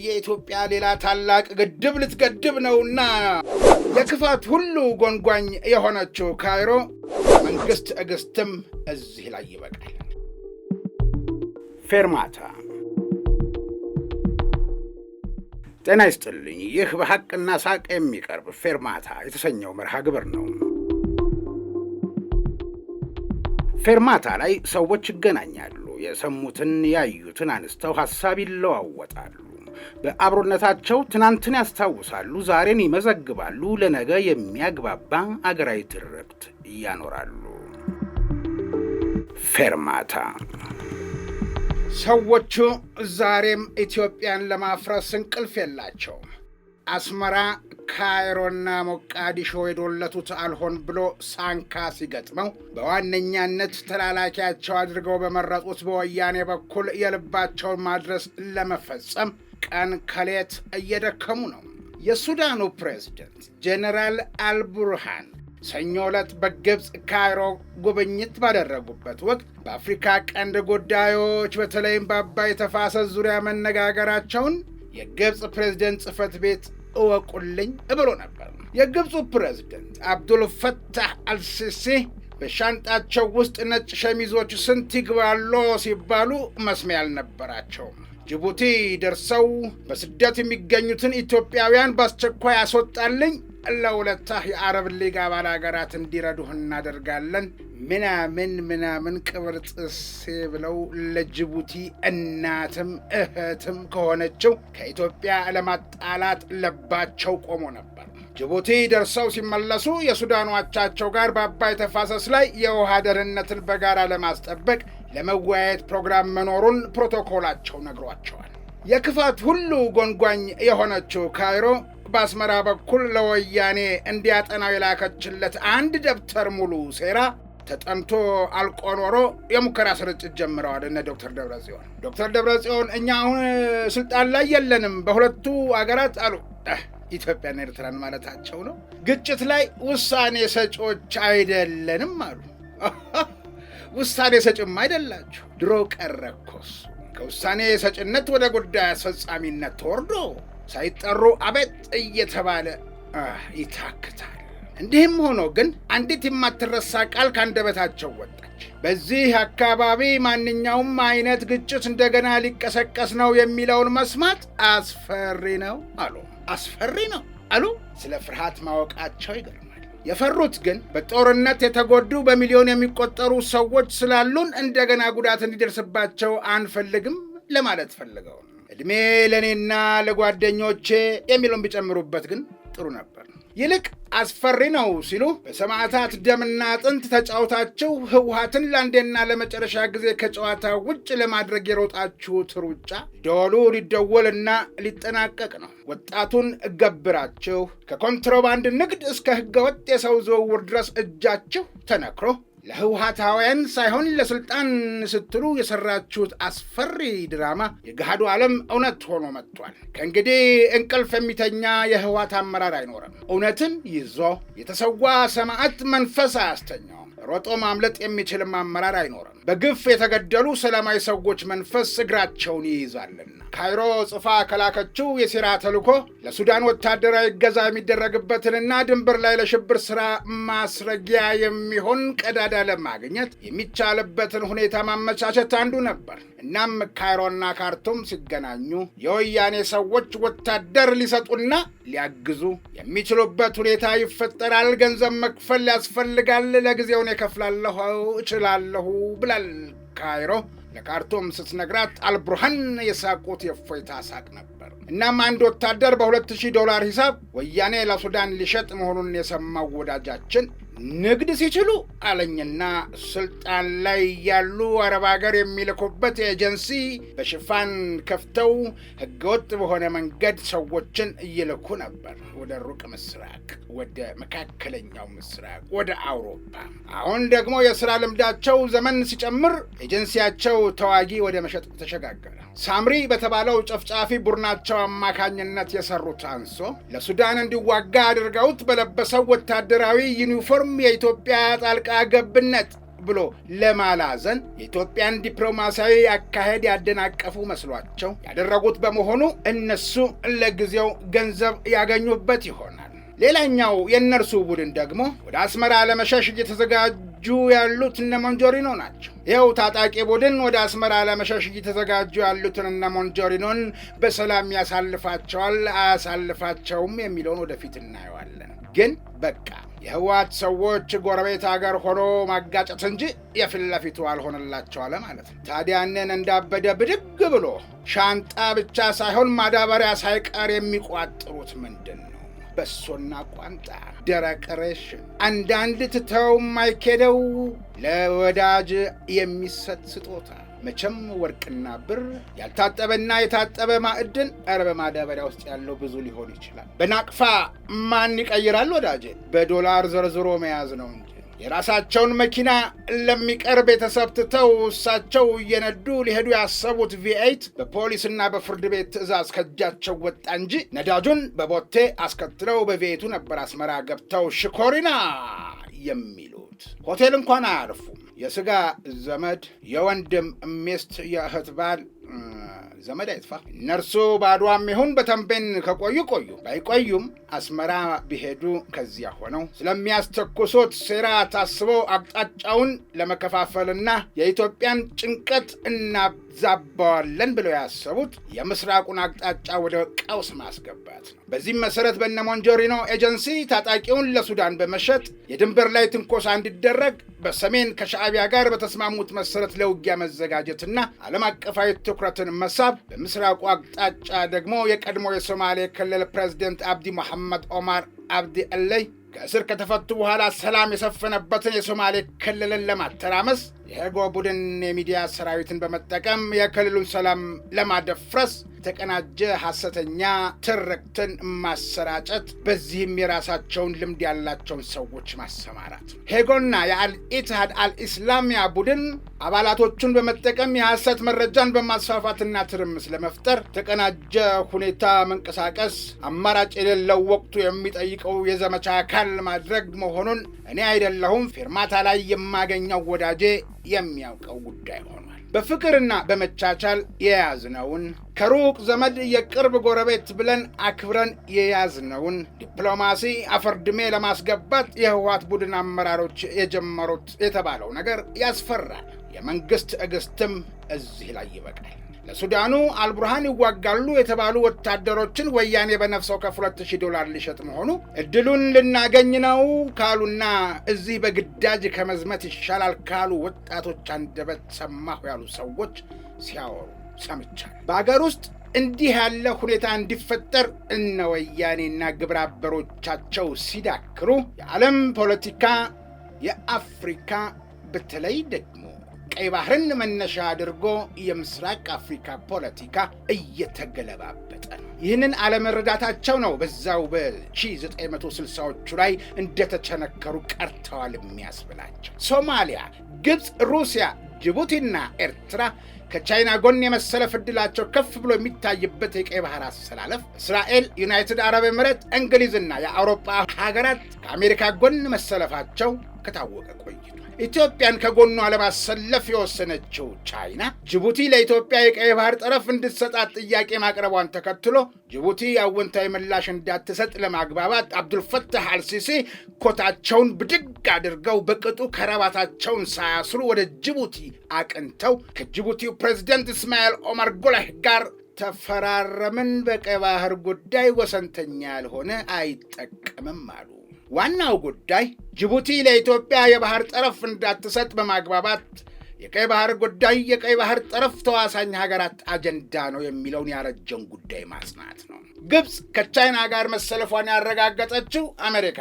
በየኢትዮጵያ ሌላ ታላቅ ግድብ ልትገድብ ነውና የክፋት ሁሉ ጎንጓኝ የሆነችው ካይሮ መንግስት እግስትም እዚህ ላይ ይበቃል። ፌርማታ። ጤና ይስጥልኝ። ይህ በሐቅና ሳቅ የሚቀርብ ፌርማታ የተሰኘው መርሃ ግብር ነው። ፌርማታ ላይ ሰዎች ይገናኛሉ። የሰሙትን ያዩትን አንስተው ሐሳብ ይለዋወጣሉ። በአብሮነታቸው ትናንትን ያስታውሳሉ፣ ዛሬን ይመዘግባሉ፣ ለነገ የሚያግባባ አገራዊ ትርክት እያኖራሉ። ፌርማታ ሰዎቹ ዛሬም ኢትዮጵያን ለማፍረስ እንቅልፍ የላቸውም። አስመራ፣ ካይሮና ሞቃዲሾ የዶለቱት አልሆን ብሎ ሳንካ ሲገጥመው በዋነኛነት ተላላኪያቸው አድርገው በመረጡት በወያኔ በኩል የልባቸውን ማድረስ ለመፈጸም ቀን ከሌት እየደከሙ ነው። የሱዳኑ ፕሬዝደንት ጀነራል አልቡርሃን ሰኞ ዕለት በግብፅ ካይሮ ጉብኝት ባደረጉበት ወቅት በአፍሪካ ቀንድ ጉዳዮች በተለይም በአባይ ተፋሰስ ዙሪያ መነጋገራቸውን የግብፅ ፕሬዝደንት ጽፈት ቤት እወቁልኝ ብሎ ነበር። የግብፁ ፕሬዝደንት አብዱልፈታህ አልሲሲ በሻንጣቸው ውስጥ ነጭ ሸሚዞች ስንት ይግባሉ ሲባሉ መስሚያ አልነበራቸውም። ጅቡቲ ደርሰው በስደት የሚገኙትን ኢትዮጵያውያን በአስቸኳይ አስወጣልኝ ለሁለታ የአረብ ሊግ አባል ሀገራት እንዲረዱህ እናደርጋለን ምናምን ምናምን ቅብርጥሴ ብለው ለጅቡቲ እናትም እህትም ከሆነችው ከኢትዮጵያ ለማጣላት ለባቸው ቆሞ ነበር። ጅቡቲ ደርሰው ሲመለሱ የሱዳኗቻቸው ጋር በአባይ ተፋሰስ ላይ የውሃ ደህንነትን በጋራ ለማስጠበቅ ለመወያየት ፕሮግራም መኖሩን ፕሮቶኮላቸው ነግሯቸዋል። የክፋት ሁሉ ጎንጓኝ የሆነችው ካይሮ በአስመራ በኩል ለወያኔ እንዲያጠናው የላከችለት አንድ ደብተር ሙሉ ሴራ ተጠንቶ አልቆ ኖሮ የሙከራ ስርጭት ጀምረዋል እነ ዶክተር ደብረጽዮን ዶክተር ደብረጽዮን እኛ አሁን ስልጣን ላይ የለንም በሁለቱ አገራት አሉ ኢትዮጵያና ኤርትራን ማለታቸው ነው ግጭት ላይ ውሳኔ ሰጪዎች አይደለንም አሉ ውሳኔ ሰጭም አይደላችሁ። ድሮ ቀረ ከውሳኔ ሰጭነት ወደ ጉዳይ አስፈጻሚነት ተወርዶ ሳይጠሩ አቤት እየተባለ ይታክታል። እንዲህም ሆኖ ግን አንዲት የማትረሳ ቃል ካንደበታቸው ወጣች። በዚህ አካባቢ ማንኛውም አይነት ግጭት እንደገና ሊቀሰቀስ ነው የሚለውን መስማት አስፈሪ ነው አሉ። አስፈሪ ነው አሉ። ስለ ፍርሃት ማወቃቸው ይገርም የፈሩት ግን በጦርነት የተጎዱ በሚሊዮን የሚቆጠሩ ሰዎች ስላሉን እንደገና ጉዳት እንዲደርስባቸው አንፈልግም ለማለት ፈልገው ዕድሜ ለእኔና ለጓደኞቼ የሚለውን ቢጨምሩበት ግን ጥሩ ነበር። ይልቅ አስፈሪ ነው ሲሉ በሰማዕታት ደምና አጥንት ተጫውታችሁ ህወሀትን ለአንዴና ለመጨረሻ ጊዜ ከጨዋታ ውጭ ለማድረግ የሮጣችሁት ሩጫ ደወሉ ሊደወልና ሊጠናቀቅ ነው። ወጣቱን እገብራችሁ ከኮንትሮባንድ ንግድ እስከ ህገወጥ የሰው ዝውውር ድረስ እጃችሁ ተነክሮ ለህውሃታውያን ሳይሆን ለስልጣን ስትሉ የሰራችሁት አስፈሪ ድራማ የገሃዱ ዓለም እውነት ሆኖ መጥቷል። ከእንግዲህ እንቅልፍ የሚተኛ የህውሃት አመራር አይኖርም። እውነትን ይዞ የተሰዋ ሰማዕት መንፈስ አያስተኛውም። ሮጦ ማምለጥ የሚችልም አመራር አይኖርም። በግፍ የተገደሉ ሰላማዊ ሰዎች መንፈስ እግራቸውን ይይዛልና ካይሮ ጽፋ ከላከችው የሴራ ተልኮ ለሱዳን ወታደራዊ እገዛ የሚደረግበትንና ድንበር ላይ ለሽብር ስራ ማስረጊያ የሚሆን ቀዳዳ ለማግኘት የሚቻልበትን ሁኔታ ማመቻቸት አንዱ ነበር። እናም ካይሮና ካርቱም ሲገናኙ የወያኔ ሰዎች ወታደር ሊሰጡና ሊያግዙ የሚችሉበት ሁኔታ ይፈጠራል። ገንዘብ መክፈል ያስፈልጋል። ለጊዜውን የከፍላለሁ እችላለሁ ብላ ካይሮ ለካርቱም ስትነግራት አልቡርሃን የሳቁት የእፎይታ ሳቅ ነበር። እናም አንድ ወታደር በ2000 ዶላር ሂሳብ ወያኔ ለሱዳን ሊሸጥ መሆኑን የሰማው ወዳጃችን ንግድ ሲችሉ አለኝና ስልጣን ላይ ያሉ አረብ ሀገር የሚልኩበት ኤጀንሲ በሽፋን ከፍተው ህገወጥ በሆነ መንገድ ሰዎችን እየልኩ ነበር። ወደ ሩቅ ምስራቅ፣ ወደ መካከለኛው ምስራቅ፣ ወደ አውሮፓ። አሁን ደግሞ የሥራ ልምዳቸው ዘመን ሲጨምር ኤጀንሲያቸው ተዋጊ ወደ መሸጥ ተሸጋገረ። ሳምሪ በተባለው ጨፍጫፊ ቡድናቸው አማካኝነት የሰሩት አንሶ ለሱዳን እንዲዋጋ አድርገውት በለበሰው ወታደራዊ ዩኒፎርም ይልቁንም የኢትዮጵያ ጣልቃ ገብነት ብሎ ለማላዘን የኢትዮጵያን ዲፕሎማሲያዊ አካሄድ ያደናቀፉ መስሏቸው ያደረጉት በመሆኑ እነሱ ለጊዜው ገንዘብ ያገኙበት ይሆናል። ሌላኛው የእነርሱ ቡድን ደግሞ ወደ አስመራ ለመሸሽ እየተዘጋጁ ያሉት እነ ሞንጆሪኖ ናቸው። ይኸው ታጣቂ ቡድን ወደ አስመራ ለመሸሽ እየተዘጋጁ ያሉትን እነ ሞንጆሪኖን በሰላም ያሳልፋቸዋል አያሳልፋቸውም የሚለውን ወደፊት እናየዋለን። ግን በቃ የህወሓት ሰዎች ጎረቤት አገር ሆኖ ማጋጨት እንጂ የፊት ለፊቱ አልሆነላቸው አለ ማለት ነው። ታዲያንን እንዳበደ ብድግ ብሎ ሻንጣ ብቻ ሳይሆን ማዳበሪያ ሳይቀር የሚቋጥሩት ምንድን ነው? በሶና ቋንጣ፣ ደረቅ ሬሽን፣ አንዳንድ ትተው የማይኬደው ለወዳጅ የሚሰጥ ስጦታ መቼም ወርቅና ብር ያልታጠበና የታጠበ ማዕድን ኧረ በማዳበሪያ ውስጥ ያለው ብዙ ሊሆን ይችላል። በናቅፋ ማን ይቀይራል ወዳጄ? በዶላር ዘርዝሮ መያዝ ነው እንጂ የራሳቸውን መኪና ለሚቀር ቤተሰብ ትተው እሳቸው እየነዱ ሊሄዱ ያሰቡት ቪኤይት በፖሊስና በፍርድ ቤት ትዕዛዝ ከእጃቸው ወጣ እንጂ ነዳጁን በቦቴ አስከትለው በቪኤቱ ነበር አስመራ ገብተው ሽኮሪና የሚሉት። ሆቴል እንኳን አያርፉም። የስጋ ዘመድ፣ የወንድም ሚስት፣ የእህት ባል ዘመድ አይጥፋ። እነርሱ ባዷም ይሁን በተንቤን ከቆዩ ቆዩ፣ ባይቆዩም አስመራ ቢሄዱ ከዚያ ሆነው ስለሚያስተኩሱት ሴራ ታስቦ አቅጣጫውን ለመከፋፈልና የኢትዮጵያን ጭንቀት እና እንዛባዋለን ብለው ያሰቡት የምስራቁን አቅጣጫ ወደ ቀውስ ማስገባት ነው። በዚህም መሰረት በነ ሞንጆሪኖ ኤጀንሲ ታጣቂውን ለሱዳን በመሸጥ የድንበር ላይ ትንኮሳ እንዲደረግ በሰሜን ከሻዕቢያ ጋር በተስማሙት መሰረት ለውጊያ መዘጋጀትና ዓለም አቀፋዊ ትኩረትን መሳብ፣ በምስራቁ አቅጣጫ ደግሞ የቀድሞ የሶማሌ ክልል ፕሬዚደንት አብዲ መሐመድ ኦማር አብዲ አለይ ከእስር ከተፈቱ በኋላ ሰላም የሰፈነበትን የሶማሌ ክልልን ለማተራመስ የሄጎ ቡድን የሚዲያ ሰራዊትን በመጠቀም የክልሉን ሰላም ለማደፍረስ የተቀናጀ ሐሰተኛ ትርክትን ማሰራጨት፣ በዚህም የራሳቸውን ልምድ ያላቸውን ሰዎች ማሰማራት። ሄጎና የአልኢትሃድ አልኢስላሚያ ቡድን አባላቶቹን በመጠቀም የሐሰት መረጃን በማስፋፋትና ትርምስ ለመፍጠር ተቀናጀ ሁኔታ መንቀሳቀስ አማራጭ የሌለው ወቅቱ የሚጠይቀው የዘመቻ አካል ማድረግ መሆኑን እኔ አይደለሁም ፊርማታ ላይ የማገኘው ወዳጄ የሚያውቀው ጉዳይ ሆኗል። በፍቅርና በመቻቻል የያዝነውን ከሩቅ ዘመድ የቅርብ ጎረቤት ብለን አክብረን የያዝነውን ዲፕሎማሲ አፈርድሜ ለማስገባት የህወሓት ቡድን አመራሮች የጀመሩት የተባለው ነገር ያስፈራል። የመንግስት እግስትም እዚህ ላይ ይበቃል። ለሱዳኑ አልቡርሃን ይዋጋሉ የተባሉ ወታደሮችን ወያኔ በነፍሰው ከሁለት ሺህ ዶላር ሊሸጥ መሆኑ እድሉን ልናገኝ ነው ካሉና እዚህ በግዳጅ ከመዝመት ይሻላል ካሉ ወጣቶች አንደበት ሰማሁ ያሉ ሰዎች ሲያወሩ ሰምቻለሁ። በአገር ውስጥ እንዲህ ያለ ሁኔታ እንዲፈጠር እነ ወያኔና ግብረ ሲዳክሩ የዓለም ፖለቲካ የአፍሪካ በተለይ ደግሞ ቀይ ባህርን መነሻ አድርጎ የምስራቅ አፍሪካ ፖለቲካ እየተገለባበጠ ነው። ይህንን አለመረዳታቸው ነው በዛው በ1960ዎቹ ላይ እንደተቸነከሩ ቀርተዋል የሚያስብላቸው። ሶማሊያ፣ ግብፅ፣ ሩሲያ፣ ጅቡቲና ኤርትራ ከቻይና ጎን የመሰለፍ ዕድላቸው ከፍ ብሎ የሚታይበት የቀይ ባህር አሰላለፍ እስራኤል፣ ዩናይትድ አረብ ኤምሬት፣ እንግሊዝና የአውሮፓ ሀገራት ከአሜሪካ ጎን መሰለፋቸው ከታወቀ ቆይቷል። ኢትዮጵያን ከጎኗ ለማሰለፍ የወሰነችው ቻይና ጅቡቲ ለኢትዮጵያ የቀይ ባህር ጠረፍ እንድትሰጣት ጥያቄ ማቅረቧን ተከትሎ ጅቡቲ አወንታዊ ምላሽ እንዳትሰጥ ለማግባባት አብዱልፈታህ አልሲሲ ኮታቸውን ብድግ አድርገው በቅጡ ከረባታቸውን ሳያስሩ ወደ ጅቡቲ አቅንተው ከጅቡቲው ፕሬዚደንት እስማኤል ኦማር ጎላህ ጋር ተፈራረምን፣ በቀይ ባህር ጉዳይ ወሰንተኛ ያልሆነ አይጠቀምም አሉ። ዋናው ጉዳይ ጅቡቲ ለኢትዮጵያ የባህር ጠረፍ እንዳትሰጥ በማግባባት የቀይ ባህር ጉዳይ የቀይ ባህር ጠረፍ ተዋሳኝ ሀገራት አጀንዳ ነው የሚለውን ያረጀውን ጉዳይ ማጽናት ነው። ግብፅ ከቻይና ጋር መሰለፏን ያረጋገጠችው አሜሪካ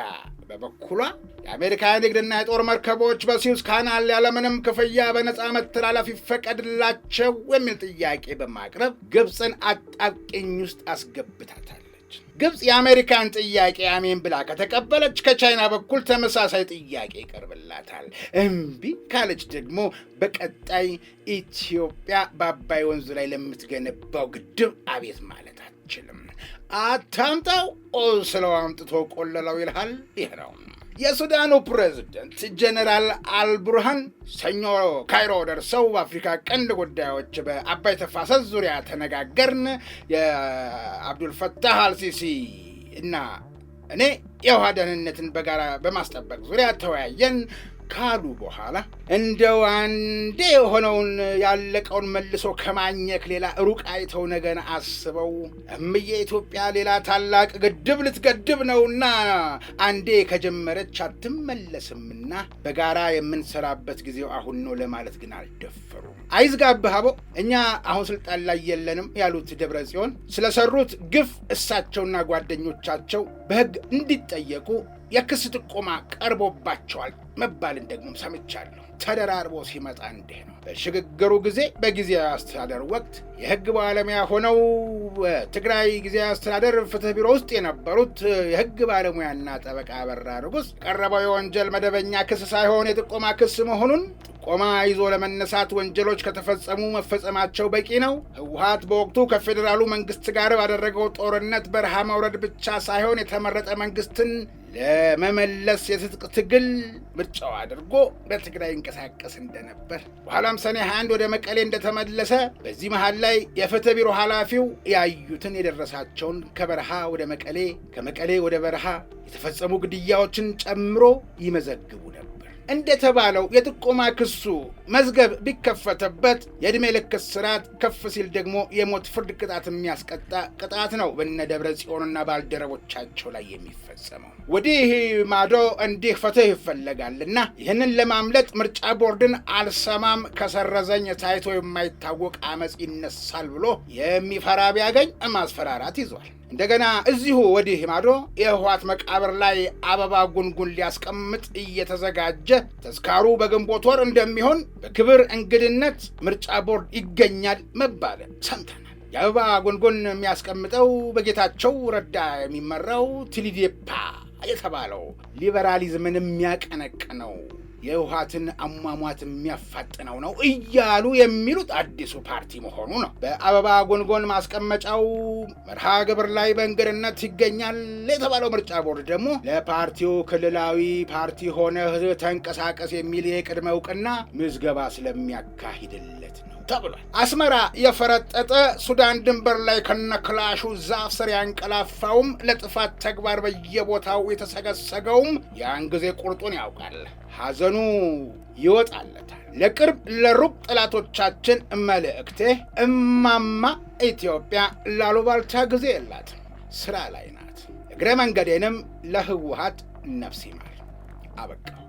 በበኩሏ የአሜሪካ የንግድና የጦር መርከቦች በሲዩዝ ካናል ያለምንም ክፍያ በነፃ መተላለፍ ይፈቀድላቸው የሚል ጥያቄ በማቅረብ ግብፅን አጣብቂኝ ውስጥ አስገብታታል። አቀረበች። ግብፅ የአሜሪካን ጥያቄ አሜን ብላ ከተቀበለች ከቻይና በኩል ተመሳሳይ ጥያቄ ይቀርብላታል። እምቢ ካለች ደግሞ በቀጣይ ኢትዮጵያ በአባይ ወንዝ ላይ ለምትገነባው ግድብ አቤት ማለት አትችልም። አታምጣው ስለው አምጥቶ ቆለለው ይልሃል። ይህ ነው። የሱዳኑ ፕሬዝደንት ጀነራል አልቡርሃን ሰኞ ካይሮ ደርሰው በአፍሪካ ቀንድ ጉዳዮች በአባይ ተፋሰስ ዙሪያ ተነጋገርን። የአብዱልፈታህ አልሲሲ እና እኔ የውሃ ደህንነትን በጋራ በማስጠበቅ ዙሪያ ተወያየን። ካሉ በኋላ እንደው አንዴ የሆነውን ያለቀውን መልሶ ከማኘክ ሌላ ሩቅ አይተው ነገን አስበው እምዬ ኢትዮጵያ ሌላ ታላቅ ግድብ ልትገድብ ነውና አንዴ ከጀመረች አትመለስምና በጋራ የምንሰራበት ጊዜው አሁን ነው ለማለት ግን አልደፈሩ። አይዝጋብህ አቦ፣ እኛ አሁን ስልጣን ላይ የለንም ያሉት ደብረ ጽዮን ስለሰሩት ግፍ እሳቸውና ጓደኞቻቸው በሕግ እንዲጠየቁ የክስ ጥቆማ ቀርቦባቸዋል መባልን ደግሞም ሰምቻለሁ። ተደራርቦ ሲመጣ እንዲህ ነው። በሽግግሩ ጊዜ በጊዜያዊ አስተዳደር ወቅት የህግ ባለሙያ ሆነው በትግራይ ጊዜያዊ አስተዳደር ፍትህ ቢሮ ውስጥ የነበሩት የህግ ባለሙያና ጠበቃ አበራ ንጉሥ የቀረበው የወንጀል መደበኛ ክስ ሳይሆን የጥቆማ ክስ መሆኑን ጥቆማ ይዞ ለመነሳት ወንጀሎች ከተፈጸሙ መፈጸማቸው በቂ ነው። ህወሀት በወቅቱ ከፌዴራሉ መንግስት ጋር ባደረገው ጦርነት በረሃ መውረድ ብቻ ሳይሆን የተመረጠ መንግስትን ለመመለስ የትጥቅ ትግል ምርጫው አድርጎ በትግራይ ይንቀሳቀስ እንደነበር በኋላም ሰኔ 21 ወደ መቀሌ እንደተመለሰ በዚህ መሃል ላይ የፍትህ ቢሮ ኃላፊው ያዩትን የደረሳቸውን ከበረሃ ወደ መቀሌ ከመቀሌ ወደ በረሃ የተፈጸሙ ግድያዎችን ጨምሮ ይመዘግቡ ነበር። እንደተባለው የጥቆማ ክሱ መዝገብ ቢከፈተበት የዕድሜ ልክ እስራት ከፍ ሲል ደግሞ የሞት ፍርድ ቅጣት የሚያስቀጣ ቅጣት ነው በነ ደብረ ጽዮንና ባልደረቦቻቸው ላይ የሚፈጸመው። ወዲህ ማዶ እንዲህ ፍትህ ይፈለጋልና ይህንን ለማምለጥ ምርጫ ቦርድን አልሰማም ከሰረዘኝ ታይቶ የማይታወቅ አመፅ ይነሳል ብሎ የሚፈራ ቢያገኝ ማስፈራራት ይዟል። እንደገና እዚሁ ወዲህ ማዶ የህወሓት መቃብር ላይ አበባ ጉንጉን ሊያስቀምጥ እየተዘጋጀ ተዝካሩ በግንቦት ወር እንደሚሆን በክብር እንግድነት ምርጫ ቦርድ ይገኛል መባለ ሰምተናል። የአበባ ጎንጎን የሚያስቀምጠው በጌታቸው ረዳ የሚመራው ትሊዴፓ የተባለው ሊበራሊዝምን የሚያቀነቅ ነው። የህወሓትን አሟሟት የሚያፋጥነው ነው እያሉ የሚሉት አዲሱ ፓርቲ መሆኑ ነው። በአበባ ጎንጎን ማስቀመጫው መርሃ ግብር ላይ በእንግድነት ይገኛል የተባለው ምርጫ ቦርድ ደግሞ ለፓርቲው ክልላዊ ፓርቲ ሆነህ ተንቀሳቀስ የሚል የቅድመ እውቅና ምዝገባ ስለሚያካሂድለት ነው። ተብሏል። አስመራ የፈረጠጠ ሱዳን ድንበር ላይ ከነክላሹ ዛፍ ስር ያንቀላፋውም ለጥፋት ተግባር በየቦታው የተሰገሰገውም ያን ጊዜ ቁርጡን ያውቃል። ሐዘኑ ይወጣለታል። ለቅርብ ለሩቅ ጠላቶቻችን መልእክቴ፣ እማማ ኢትዮጵያ ላሉባልታ ጊዜ የላትም፣ ስራ ላይ ናት። እግረ መንገዴንም ለህወሓት ነፍስ ማል አበቃ።